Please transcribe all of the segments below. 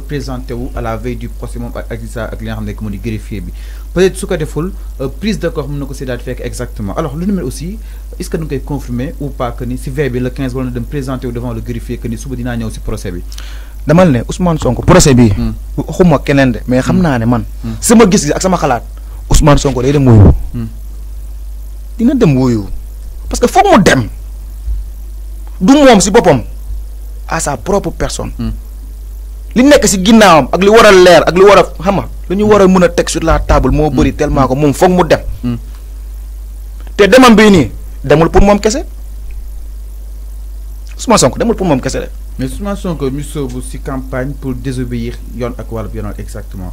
présentez-vous à la veille du procès moom ak agisa greffier peut être cas de foule prise d'accord nous mën faire exactement alors le numéro aussi est ce que nous koy confirmer ou pas que ni si veille le 15 wala na présenter devant le greffier que nous suba dinaa ñëw si procès bi. dama ne Ousmane Sonko procès bi. Hmm. xuma kenen de mais xamna hmm. naa ne man. Hmm. sama gis ak sama xalat Ousmane Sonko day dem wuyu. dina dem wuyu parce que faut mu dem du mom si bopom à sa propre personne. li nek ginam, ginnawam ak li war leer ak li wara xam nga lu ñu mëna tek sur la table mo bëri mm. tellement ko mom fokk mu dem. Mm. té demam bi ni demul pour mom kessé Ousmane Sonko demul pour mom kessé mais Ousmane Sonko mu soobu ci campagne pour désobéir yoon ak walu yoonal exactement.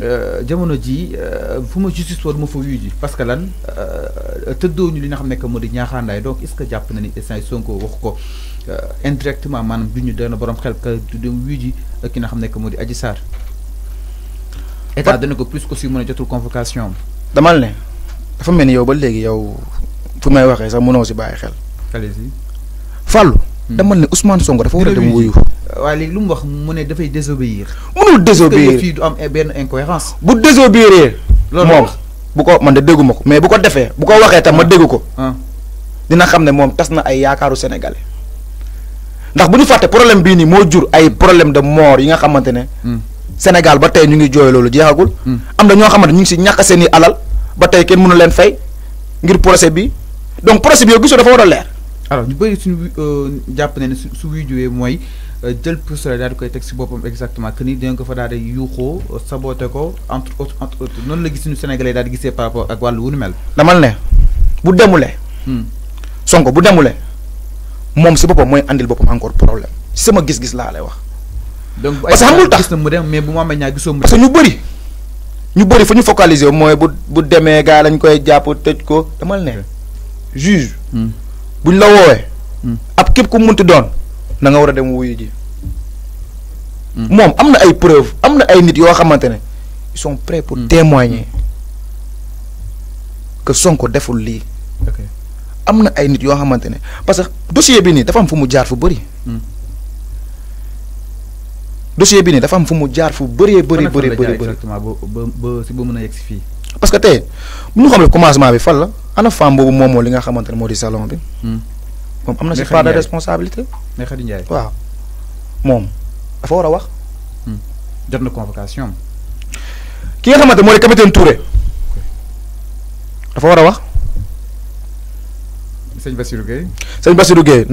Euh, jamono ji euh, fu ma justice woon ma fa wuyu ji parce que lan euh, tëddoo ñu li nga xam ne que moo di ñaaxaandaay donc est ce que jàpp na ni instant yi Sonko wax ko indirectement man du ñu dana boroom xel ka du dem wuyu ji ki nga xam ne que moo di Adji Sarr état dana ko plus que si mën a jotul convocation am. demal ne dafa mel ni yow ba léegi yow fu may waxee sax mënoo si bàyyi xel. allez-y hmm. ne Ousmane songo dafa war a dem wuyu. waaye lii lu mu wax mu ne dafay désobéir. mënul désobéir du am benn incohérence bu désobéir. loolu moom bu ko man de dégguma ko mais bu ko defee bu ko waxee tam ma ah. dégg ko. Ah. dina xam ne moom tas na ay yaakaaru sénégalais. ndax bu ñu fàtte problème bii nii moo jur ay problème de mort yi nga xamante ne. Hmm. Sénégal ba tey ñu ngi jooy loolu jeexagul. Hmm. am na ñoo xamante ñu ngi si ñàkk seen i alal ba tey kenn mënu leen fay ngir procès bi donc procès bi yow gisoo dafa war a leer. alors ñu bëri suñu euh, jàpp ne ne su su wuy juwee mooy. jël pistolet daal koy teg si boppam exactement que ni dinañ ko fa daal di yuuxoo saboté ko entre autres entre autres noonu la gis suñu sénégalais daal gisee par rapport ak wàllu wu nu mel. dama ne bu demule. Hmm. Sonko bu demule moom si boppam mooy andil boppam encore problème sama gis-gis laa lay wax. donc bu ay gis na mu dem mais bu mu amee ñaar gisoo mu parce que ñu bëri ñu bëri fu ñu focaliser mooy bu bu demee gaa lañ koy jàpp tëj ko dama ne juge. Hmm. buñ la woowee. Hmm. ab képp ku munti doon na nga war a dem wuyu Mom, amna ay preuve amna ay nit yo ils sont prêts pour mm. témoigner que Sonko deful li amna ay nit parce que dossier bi bien, dafa am fu jaar fu beuri dossier bi ni dafa am fu mu jaar fu mm. Exactement. ba si bu meuna yex fi parce que té bu ñu xam le commencement bi fal la ana femme bobu momo li nga xamantene salon bi mom mm. amna de responsabilité Ne waaw dafa war a hmm. wax. jot na convocation ki nga xamante moo di capitaine Touré dafa war a wax. sëñ Bassirou gay sëñ Bassirou gay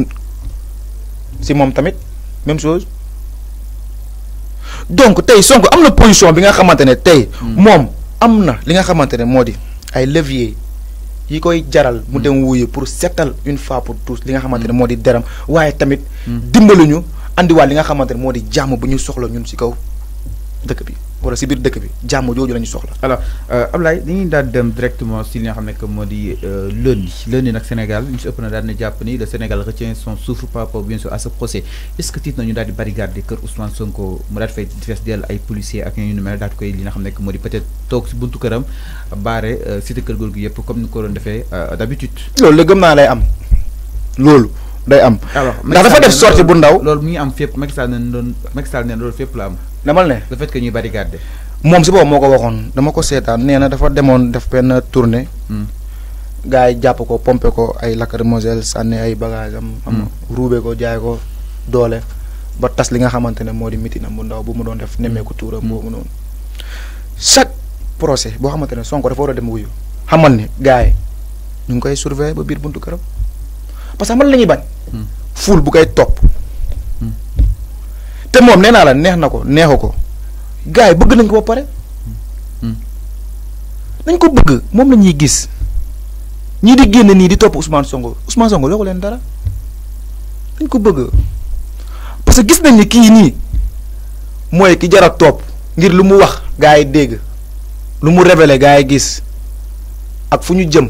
si moom tamit même chose donc tey Sonko am na position bi nga xamante ne tey. Hmm. moom am na li nga xamante ne moo di ay levier yi koy jaral mu hmm. dem wuyu pour seetal une fois pour tous li nga xamante ne moo deram waaye tamit dimbaluñu. andiwaat li nga xamante ne moo di jàmm bu ñu soxla ñun si kaw dëkk bi wala si biir dëkk bi jàmm jooju la ñu soxla. alors euh, Ablaye dañuy daal dem directement si li xam ne que moo di euh, lundi lundi nag Sénégal ñu si ëpp na daal na jàpp ni le Sénégal retient son souffle par a bien sûr à ce dell ay policiers ak ñu mel daal di koy li nga xam ne que moo di peut être toog si buntu këram baare euh, cité kër góor gi yëpp comme ni ko doon defee d' habitude. loolu gëm naa lay am loolu. day am. ndax dafa def sortie bu ndaw. loolu mu ngi am fépp Macky Sall doon Macky loolu fépp la am. damal ne le fait que ñuy barricade. moom si boobu moo ko waxoon dama ko seetaan nee na dafa demoon def benn tournée. Hmm. gars yi jàpp ko pompe ko ay lacrymogène sànni ay bagage am. am hmm. ruube ko jaay ko doole ba tas li nga xamante ne moo di mitinam bu ndaw bu mu doon def nemmeeku hmm. tuuram boobu noonu. chaque procès boo xamante ne Sonko dafa war a dem wuyu xamal ni gars yi ñu ngi koy surveiller ba biir buntu këram parce que man la ñuy bañ. Full bu top. topp te moom nee la néx nako ko gaay bëgg nañ ko ba pare dañ ko bëgg mom lañuy gis ñi di génn ni di top Ousmane Sonko Ousmane Sonko yokku leen dara dañ ko bëgg parce que gis nañ ni ki ni moy ki jara top ngir lu mu wax gaay dégg lu mu révélé gaay gis ak fuñu jëm.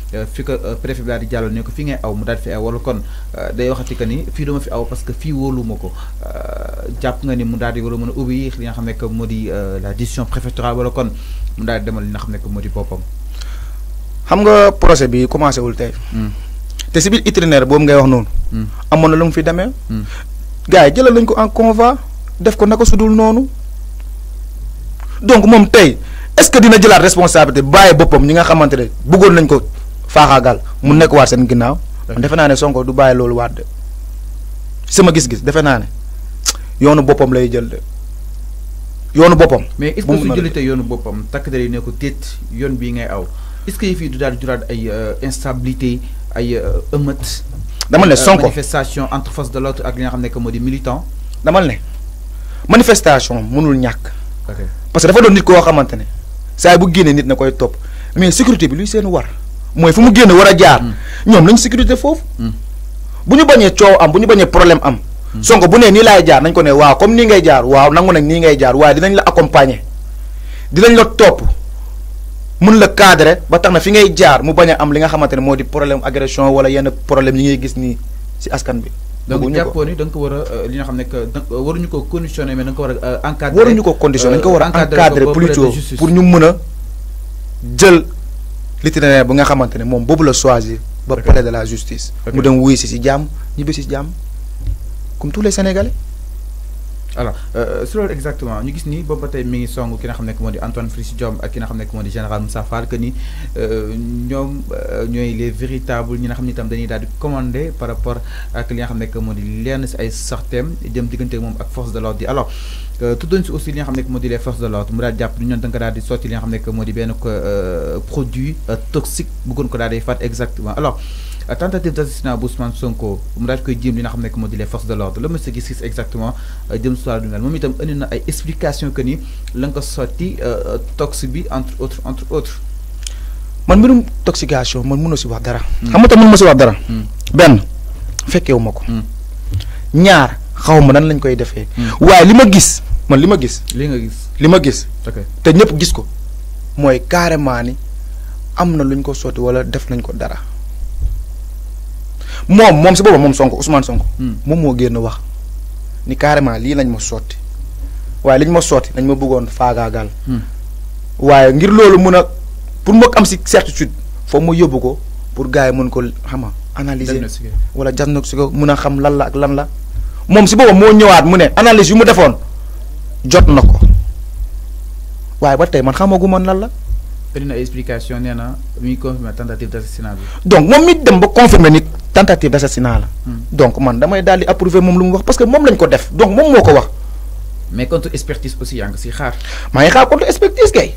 Euh, fi ko euh, préfet bi daal di jàll ne ko fi ngay aw mu daal di fi aw wala kon euh, day waxati que ni fii duma fi aw parce que fii wooluma ko jàpp nga ni mu daal di war a mën a obéir li nga xam ne que moo di la décision préfectorale wala kon mun daal demal li nga xam ne que moo di boppam. xam nga projet bi commencé wul tey. Hmm. te si biir itinéraire boobu ngay wax noonu. Hmm. amoon na lu mu fi demee. Hmm. gars yi jëlal nañ ko en convoi def ko naka sudul noonu donc moom tey est-ce que dina jëlaat responsabilité bàyyi boppam ñi nga xamante ne bëggoon nañ ko. faaxaagal mu nekk waat seen ginnaaw defe naa ne Sonko du bàyyi loolu waat de sama gis-gis defe naa ne yoonu boppam lay jël de yoonu boppam. mais est-ce yoonu boppam takk der yi ne ko yoon bii ngay aw est-ce que fii du daal di juraat ay euh, instabilité ay euh, émeutes. dama ne euh, Sonko manifestation entre face de l'autre ak li nga xam ne que moo di militant. damal ne manifestation mënul ñàkk. parce que dafa doon nit koo xamante ne saa bu génnee nit na koy topp mais sécurité bi luy seen war. mooy fi mu génn war a jaar. Mm. ñoom nañ sécurité foofu. Mm. bu ñu bañee coow am bu ñu bañee problème am. Mm. Sonko bu nee nii laay jaar nañ ko ne waaw comme nii ngay jaar waaw nangu nag nii ngay jaar waaye dinañ la accompagner dinañ la topp mën la cadrer ba tax na fi ngay jaar mu bañ am li nga xamante ne moo di problème agression wala yenn problème yi ngay gis nii si askan bi. donc jàppoon ni da ko war a euh, li nga xam ne euh, waruñu ko conditionné mais da nga ko war a euh, encadrer. waruñu ko conditionné dañ ko war a encadrer plutôt pour ñu mën a jël. l'itinéraire bu nga xamantene mom bobu la choisir ba palais de la justice mu dem wuyu ci si jàmm ñibbi ci jàmm comme tous les sénégalais alors euh loolu exactement ñu gis ni boobu ba tey mi ngi song ki nga xam ne di Antoine frissi diom ak ki nga xam ne di général Moussa Fall que ni euh ñom euh, ñoy les véritables ñi nga xamni tam dañuy dal di commandé par rapport ak li nga xam ne moo di lenn si ay sarteem jëm diggante mom ak force de l'ordre alors tuddoon si aussi li nga xam ne moo di les forces de l'ordre mu daal jàpp ni ñoom da nga daal di sotti li nga xam ne moo di benn produit toxique bëggoon ko daal di faat exactement alors tentative d'assassinat bu Ousmane Sonko mu daal koy jéem li nga xam ne moo di les forces de l'ordre la monsieur gis gis exactement jëm si wàllu mel moom itam indi na ay explication que ni la nga ko sotti tox bi entre autres entre autres. man mbirum toxication man mënoo si wax dara. xam nga tam mënuma si wax dara. benn fekkeewu ma ko. ñaar xaw ma nan lañ koy defee. waaye li ma gis. man li ma gis. li nga gis li ma gis. te ñëpp gis ko mooy carrément ni am na luñ ko sotti wala def nañ ko dara moom moom si boppam moom sonk Ousmane sonk hmm. moom moo génn wax ni carrément lii lañ ma sotti waaye li ñu ma sotti nañ ma bëggoon faagaagal. Hmm. waaye ngir loolu mun a pour ma am si certitude foofu ma yóbbu ko pour gars yi mën ko xama analyser wala diagnostiquer mun a xam lan la ak lan la moom si boppam moo ñëwaat mu ne analyse yu mu defoon. jot nako waye ba tay man xamagu ma lan la. bëri explication nee mi confirmer tentative d'assassinat donc moom mi dem ba confirmer ni tentative d'assassinat la. Hmm. donc man damay daal di approuver mom lu wax parce que mom lañ ko def donc mom moko wax. mais contre expertise aussi yang ngi si xaar. ma ngi xaar contre expertise kay.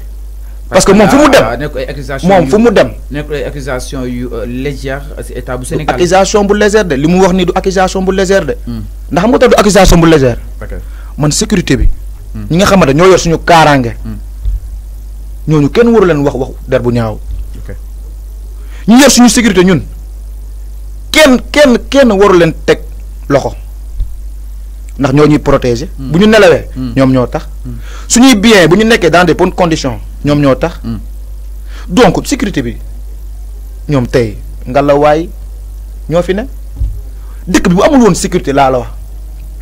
parce que mom fu dem ah, mom fu dem. nek ay accusation yu euh, légère ci état bu Sénégal. accusation bu légère de limu wax ni du accusation bu légère de. Hmm. ndax mo tax du accusation bu légère. man sécurité bi. ñi nga xamante ñoo yor suñu kaaraange. Hmm. ñooñu kenn waru leen wax wax der bu ñaaw. ñu yor suñu sécurité ñun kenn kenn kenn waru leen teg loxo ndax ñoo ñuy protéger. Hmm. bu ñu nelawee. Hmm. ñoom ñoo tax. suñuy bien bu ñu nekkee dans des bonnes conditions ñoom ñoo tax. donc sécurité bi ñoom tey ngalawaay ñoo fi ne dëkk bi bu amul woon sécurité laa la wax.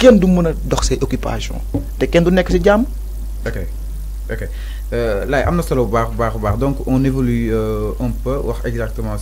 kenn du mën a dox say occupation te kenn du nekk ci jàmm. ok ok euh, laay am na solo bu baax bu baax bu baax donc on évolue euh, un peu wax exactement si.